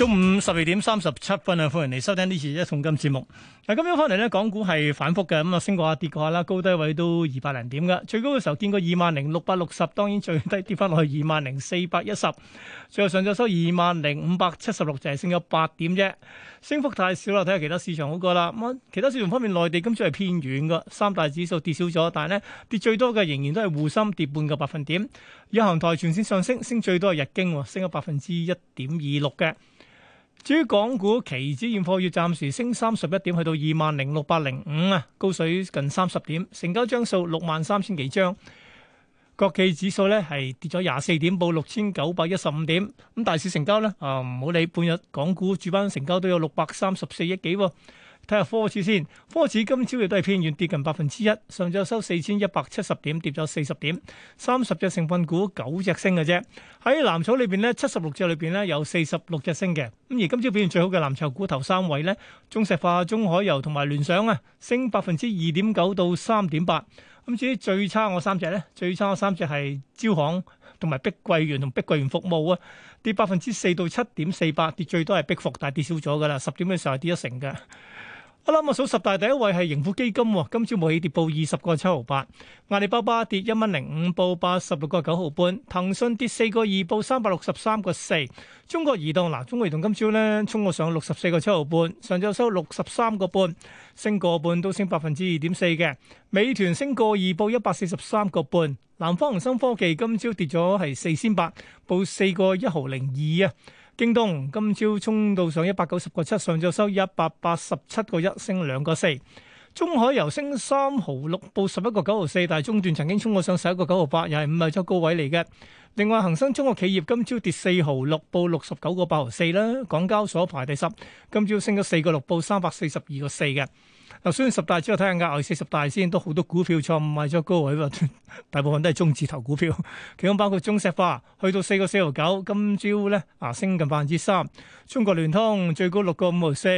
中午十二點三十七分啊！歡迎嚟收聽呢次一重金節目。嗱，今日翻嚟咧，港股係反覆嘅，咁啊升過下跌過下啦，高低位都二百零點噶。最高嘅時候見過二萬零六百六十，當然最低跌翻落去二萬零四百一十。最後上晝收二萬零五百七十六，淨係升咗八點啫。升幅太少啦，睇下其他市場好過啦。咁其他市場方面，內地今朝係偏軟噶，三大指數跌少咗，但係咧跌最多嘅仍然都係滬深跌半個百分點。日韓台全線上升，升最多係日經，升咗百分之一點二六嘅。至於港股期指現貨月暫時升三十一點，去到二萬零六百零五啊，高水近三十點，成交張數六萬三千幾張。國企指數咧係跌咗廿四點，報六千九百一十五點。咁大市成交咧，啊唔好理，半日港股主板成交都有六百三十四億幾喎。睇下科指先，科指今朝亦都係偏軟，跌近百分之一。上晝收四千一百七十點，跌咗四十點。三十隻成分股九隻升嘅啫。喺藍籌裏邊咧，七十六隻裏邊咧有四十六隻升嘅。咁而今朝表現最好嘅藍籌股頭三位咧，中石化、中海油同埋聯想啊，升百分之二點九到三點八。咁至於最差我三隻咧，最差我三隻係招行同埋碧桂園同碧桂園服務啊，跌百分之四到七點四八，跌最多係碧服，但係跌少咗噶啦，十點嘅時候係跌一成㗎。好啦，我數十大第一位係盈富基金，今朝冇起跌，報二十個七毫八。阿里巴巴跌一蚊零五，報八十六個九毫半。騰訊跌四個二，報三百六十三個四。中國移動嗱，中國移動今朝咧衝過上六十四個七毫半，上晝收六十三個半，升個半都升百分之二點四嘅。美團升個二，報一百四十三個半。南方恒生科技今朝跌咗係四千八，報四個一毫零二啊。京東今朝衝到上一百九十個七，上晝收一百八十七個一，升兩個四。中海油升三毫六，報十一個九毫四，但係中段曾經衝過上 98, 十一個九毫八，又係五日出高位嚟嘅。另外，恒生中國企業今朝跌四毫六，報六十九個八毫四啦。港交所排第十，今朝升咗四個六，報三百四十二個四嘅。嗱，雖然十大之後睇下額外四十大先，都好多股票唔賣咗高位 大部分都係中字頭股票，其中包括中石化，去到四個四毫九，今朝咧啊升近百分之三，中國聯通最高六個五毫四，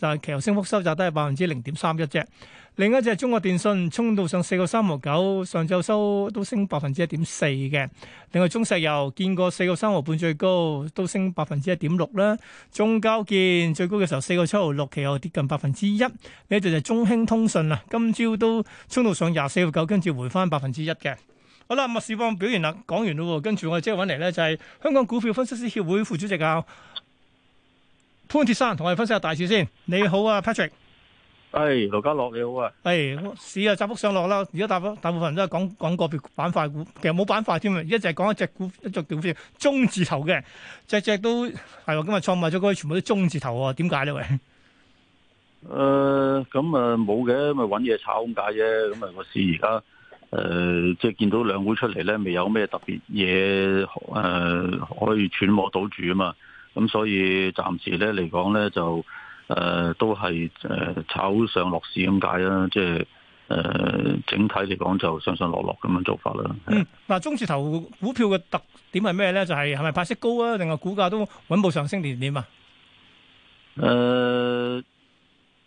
但係其後升幅收窄，都係百分之零點三一啫。另一隻中國電信衝到上四個三毫九，上晝收都升百分之一點四嘅。另外中石油見過四個三毫半最高，都升百分之一點六啦。中交建最高嘅時候四個七毫六，其後跌近百分之一。呢度就中興通訊啊，今朝都衝到上廿四個九，跟住回翻百分之一嘅。好啦，物士況表現啦，講完啦，跟住我哋即刻揾嚟咧，就係香港股票分析師協會副主席啊潘鐵珊，同我哋分析下大市先。你好啊 Patrick。係劉、哎、家樂，你好啊！係、哎、市啊，窄幅上落啦。而家大部大部分人都係講講個別板塊股，其實冇板塊添啊。而家就係講一隻股，一隻股票，中字頭嘅隻隻都係、啊。今日創埋咗嗰全部都中字頭啊？點解呢？喂、呃？誒、嗯，咁啊冇嘅，咪揾嘢炒咁解啫。咁、嗯、啊，個市而家誒，即係見到兩會出嚟咧，未有咩特別嘢誒可以揣摩到住啊嘛。咁、嗯、所以暫時咧嚟講咧就。誒、呃，都係誒、呃、炒上落市咁解啦，即係誒、呃、整體嚟講就上上落落咁樣做法啦。嗯，嗱是、嗯，中字頭股票嘅特點係咩呢？就係係咪派息高啊？定係股價都穩步上升點點啊？誒、呃，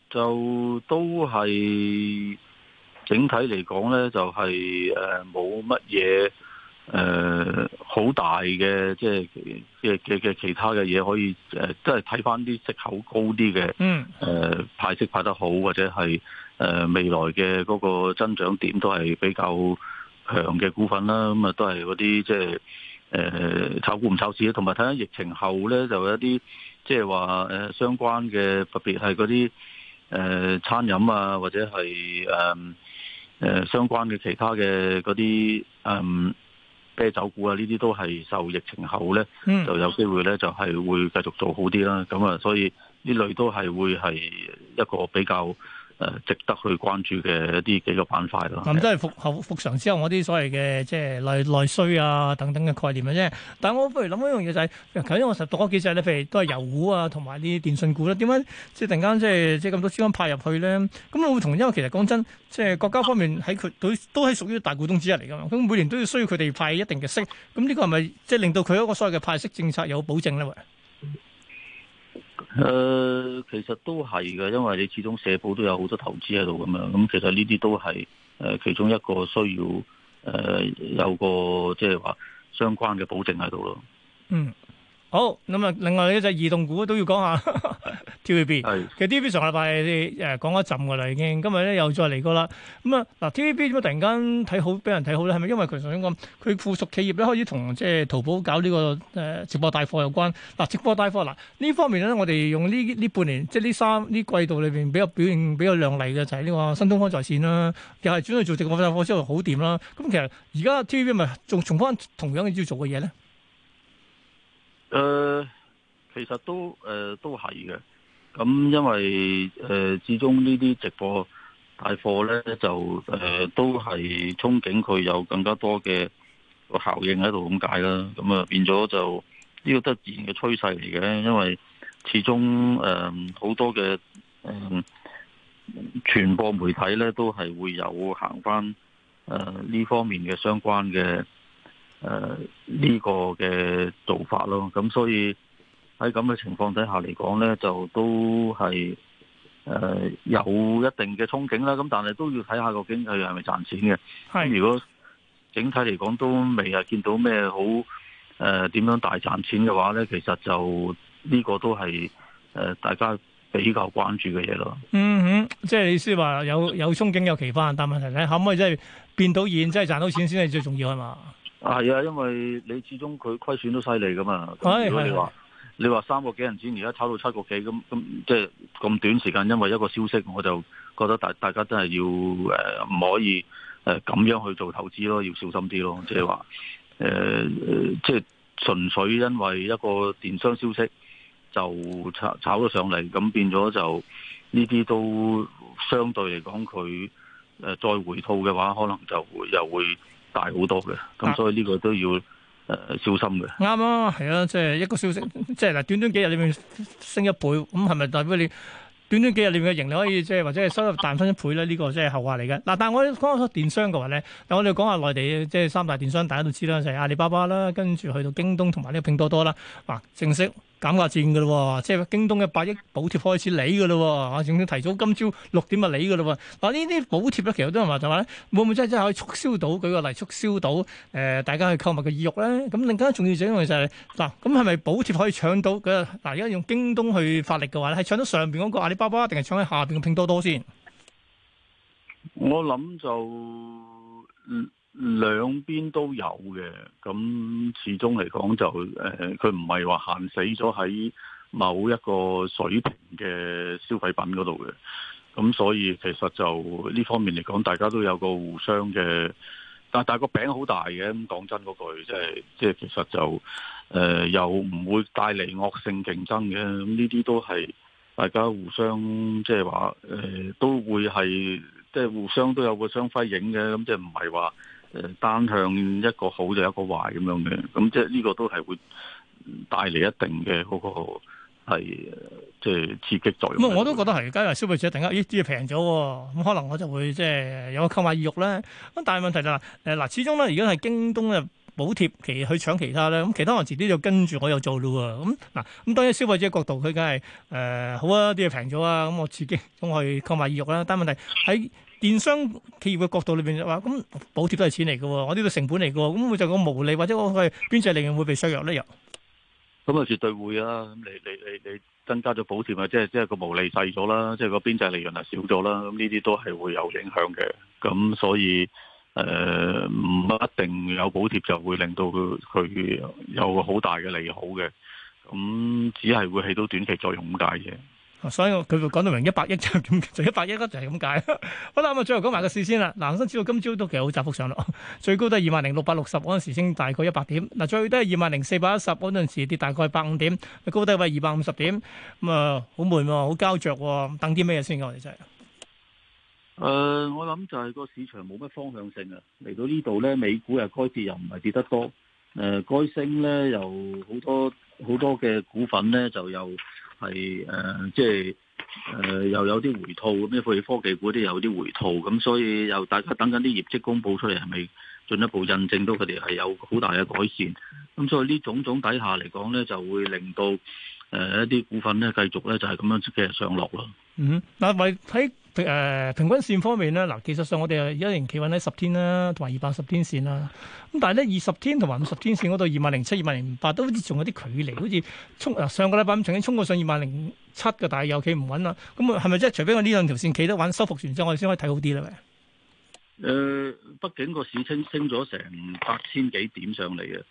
就都係整體嚟講呢，就係誒冇乜嘢。呃誒，好、呃、大嘅，即係嘅嘅嘅其他嘅嘢可以誒、呃，都係睇翻啲息口高啲嘅，嗯、呃，誒，派息派得好或者係誒、呃、未來嘅嗰個增長點都係比較強嘅股份啦，咁啊都係嗰啲即係誒炒股唔炒市啊，同埋睇下疫情後咧就有一啲即係話誒相關嘅特別係嗰啲誒餐飲啊或者係誒誒相關嘅其他嘅嗰啲嗯。啤酒股啊，呢啲都係受疫情後咧，就有機會咧，就係會繼續做好啲啦。咁啊，所以呢類都係會係一個比較。誒，值得去關注嘅一啲幾個板塊啦。咁都係復後復常之後，我啲所謂嘅即係內內需啊等等嘅概念嘅啫。但係我不如諗一樣嘢就係，頭先我實讀咗幾隻咧，譬如都係油股啊同埋啲電信股啦。點解即係突然間即係即係咁多資金派入去咧？咁會唔會同因為其實講真，即係國家方面喺佢佢都係屬於大股東之一嚟㗎嘛。咁每年都要需要佢哋派一定嘅息。咁呢個係咪即係令到佢一個所謂嘅派息政策有保證咧？誒、呃，其實都係嘅，因為你始終社保都有好多投資喺度咁啊，咁、嗯、其實呢啲都係誒、呃、其中一個需要誒、呃、有個即係話相關嘅保證喺度咯。嗯，好，咁啊，另外一隻移動股都要講下。 TVB 其實 TVB 上個禮拜誒講一陣嘅啦，已經今日咧又再嚟過啦。咁啊嗱，TVB 點解突然間睇好，俾人睇好咧？係咪因為佢頭先講佢附屬企業咧開始同即係淘寶搞呢個誒直播帶貨有關？嗱，直播帶貨嗱呢方面咧，我哋用呢呢半年即係呢三呢季度裏邊比較表現比較亮麗嘅就係、是、呢個新東方在線啦，又係轉去做直播帶貨之後好掂啦。咁其實而家 TVB 咪仲重翻同樣嘅要做嘅嘢咧？誒、呃，其實都誒、呃、都係嘅。咁、嗯、因為誒、呃，始終呢啲直播帶貨咧，就誒、呃、都係憧憬佢有更加多嘅效應喺度咁解啦。咁、嗯、啊變咗就呢個都係自然嘅趨勢嚟嘅，因為始終誒好多嘅誒傳播媒體咧都係會有行翻誒呢方面嘅相關嘅誒呢個嘅做法咯。咁、嗯、所以。喺咁嘅情況底下嚟講呢，就都係誒、呃、有一定嘅憧憬啦。咁但係都要睇下究竟佢係咪賺錢嘅。咁是如果整體嚟講都未啊，見到咩好誒點、呃、樣大賺錢嘅話呢，其實就呢個都係誒、呃、大家比較關注嘅嘢咯。嗯哼，即係你意思話有有憧憬有期盼，但問題係可唔可以真係變到現，真係賺到錢先係最重要吖嘛？係啊、哎，因為你始終佢虧損都犀利噶嘛。如果你話，你話三個幾銀錢，而家炒到七個幾，咁咁即係咁短時間，因為一個消息，我就覺得大大家真係要誒，唔、呃、可以誒咁、呃、樣去做投資咯，要小心啲咯，即係話誒，即係純粹因為一個電商消息就炒炒咗上嚟，咁變咗就呢啲都相對嚟講，佢誒再回吐嘅話，可能就會又會大好多嘅。咁所以呢個都要。誒、啊，小心嘅。啱啊，係啊，即係一個消息，即係嗱，短短幾日裏面升一倍，咁係咪代表你短短幾日裏面嘅盈利可以即係、就是、或者係收入大增一倍咧？呢、這個即係後話嚟嘅。嗱、啊，但係我講下電商嘅話咧，但我哋講下內地嘅即係三大電商，大家都知啦，就係、是、阿里巴巴啦，跟住去到京東同埋呢個拼多多啦。嗱、啊，正式，減價戰嘅咯，即係京東嘅百億補貼開始嚟嘅咯，啊，仲要提早今朝六點就嚟嘅咯。嗱、啊，呢啲補貼咧，其實都有人話就話，會唔會真真係可以促銷到舉個例促銷到誒、呃，大家去購物嘅意欲咧？咁更加重要就因為就係嗱，咁係咪補貼可以搶到佢？嗱、啊，而家用京東去發力嘅話咧，係搶到上邊嗰個阿里巴巴，定係搶喺下邊嘅拼多多先？我諗就嗯。兩邊都有嘅，咁始終嚟講就誒，佢唔係話限死咗喺某一個水平嘅消費品嗰度嘅，咁所以其實就呢方面嚟講，大家都有個互相嘅，但係但係個餅好大嘅，咁講真嗰句，即係即係其實就誒、呃，又唔會帶嚟惡性競爭嘅，咁呢啲都係大家互相即係話誒，都會係即係互相都有個相輝映嘅，咁即係唔係話。誒，單向一個好就一個壞咁樣嘅，咁即係呢個都係會帶嚟一定嘅個係即係刺激作用。咁、嗯、我都覺得係，而家消費者突然間咦啲嘢平咗，咁、嗯、可能我就會即係有個購買意欲咧。咁但係問題就係，誒、呃、嗱，始終咧而家係京東嘅補貼其去搶其他咧，咁其他人遲啲就跟住我又做咯咁嗱，咁、嗯啊、當然消費者角度，佢梗係誒好啊，啲嘢平咗啊，咁、嗯、我刺激咁去購買意欲啦。但係問題喺。電商企業嘅角度裏邊就話，咁補貼都係錢嚟嘅，我呢個成本嚟嘅，咁會就個毛利或者我係邊際利潤會被削弱咧？又咁啊，絕對會啊！咁你你你你增加咗補貼啊，即係即係個毛利細咗啦，即係個邊際利潤係少咗啦，咁呢啲都係會有影響嘅。咁所以誒唔、呃、一定有補貼就會令到佢佢有好大嘅利好嘅。咁只係會起到短期作用咁解嘅。所以佢講到明一百億就咁就一百億啦，就係咁解。好啦，咁啊最後講埋個市先啦。嗱，恒生指數今朝都其實好窄幅上落，最高都係二萬零六百六十嗰陣時升大概一百點。嗱，最低係二萬零四百一十嗰陣時跌大概百五點，高低位二百五十點。咁啊，好悶喎，好膠着喎，等啲咩嘢先啊？我哋真係。誒，我諗就係個市場冇乜方向性啊。嚟到呢度咧，美股又該跌又唔係跌得多，誒，該升咧又好多好多嘅股份咧就有。係誒、呃，即係誒、呃，又有啲回吐咁，科技股啲有啲回吐，咁所以又大家等緊啲業績公布出嚟，係咪進一步印證到佢哋係有好大嘅改善？咁所以呢種種底下嚟講呢，就會令到誒、呃、一啲股份咧繼續咧就係、是、咁樣即日上落咯。嗯，但係喺。誒平均線方面咧，嗱，技術上我哋係一年企穩喺十天啦，同埋二百十天線啦。咁但係咧，二十天同埋五十天線嗰度二萬零七、二萬零八都好似仲有啲距離，好似衝嗱上個禮拜咁，曾經衝過上二萬零七嘅，但係又企唔穩啦。咁啊，係咪即係除非我呢兩條線企得穩，收復完之後，我哋先可以睇好啲咧？誒、呃，畢竟個市青升咗成八千幾點上嚟嘅，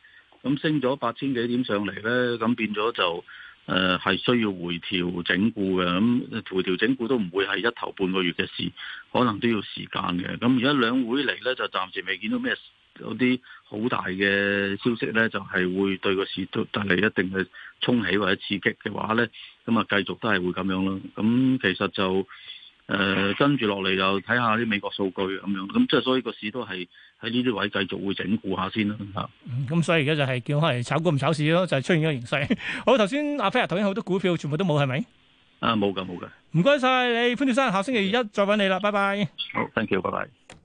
咁升咗八千幾點上嚟咧，咁變咗就。誒係需要回調整固嘅，咁回調整固都唔會係一頭半個月嘅事，可能都要時間嘅。咁而家兩會嚟呢，就暫時未見到咩有啲好大嘅消息呢，就係、是、會對個市都帶嚟一定嘅沖起或者刺激嘅話呢。咁啊繼續都係會咁樣咯。咁其實就。誒，跟住落嚟就睇下啲美國數據咁樣，咁即係所以個市都係喺呢啲位繼續會整固下先啦吓。咁所以而家就係叫可開炒股唔炒市咯，就係、是、出現咗形勢。 好，頭先阿菲 a i r 頭先好多股票全部都冇係咪？啊，冇噶，冇噶。唔該晒你，潘先生，下星期一再搵你啦，拜拜。好，thank you，拜拜。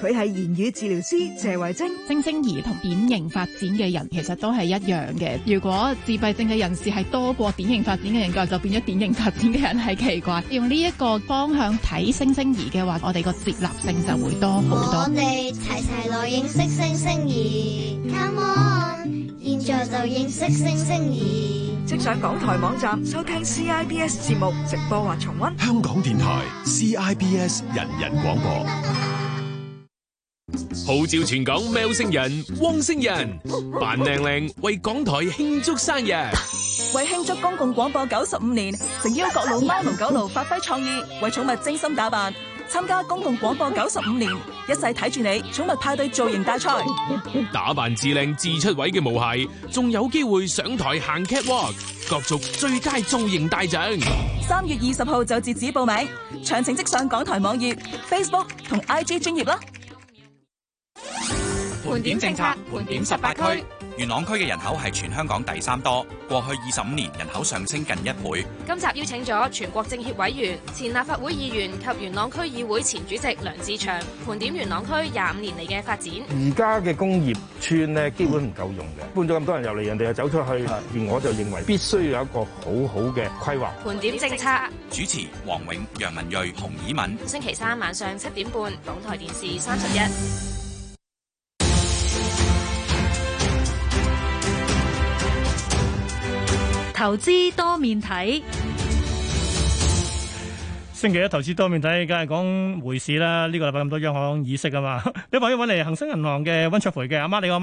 佢係言語治療師謝慧晶，星星兒同典型發展嘅人其實都係一樣嘅。如果自閉症嘅人士係多過典型發展嘅人嘅話，就變咗典型發展嘅人係奇怪。用呢一個方向睇星星兒嘅話，我哋個接納性就會多好多。我哋齊齊來認識星星兒，Come on，現在就認識星星兒。即上港台網站收聽 CIBS 節目直播或重溫。香港電台 CIBS 人人廣播。 號召全港喵星人、汪星人扮靚靚，為港台慶祝生日，為慶祝公共廣播九十五年，誠邀各路喵奴狗奴發揮創意，為寵物精心打扮，參加公共廣播九十五年一世睇住你寵物派對造型大賽，打扮至靚至出位嘅毛孩，仲有機會上台行 catwalk，角逐最佳造型大獎。三月二十號就截止報名，詳情即上港台網頁、Facebook 同 IG 專頁啦。盤點政策，盤點十八區，區元朗區嘅人口係全香港第三多，過去二十五年人口上升近一倍。今集邀請咗全國政協委員、前立法會議員及元朗區議會前主席梁志祥，盤點元朗區廿五年嚟嘅發展。而家嘅工業邨呢，基本唔夠用嘅，搬咗咁多人入嚟，人哋又走出去，而我就認為必須有一個好好嘅規劃。盤點政策，主持黃永、楊文瑞、洪綺敏。星期三晚上七點半，港台電視三十一。投資多面睇，星期一投資多面睇，梗係講匯市啦。呢個禮拜咁多央行議息啊嘛，你快啲搵嚟恒生銀行嘅溫灼培嘅阿媽，你個媽。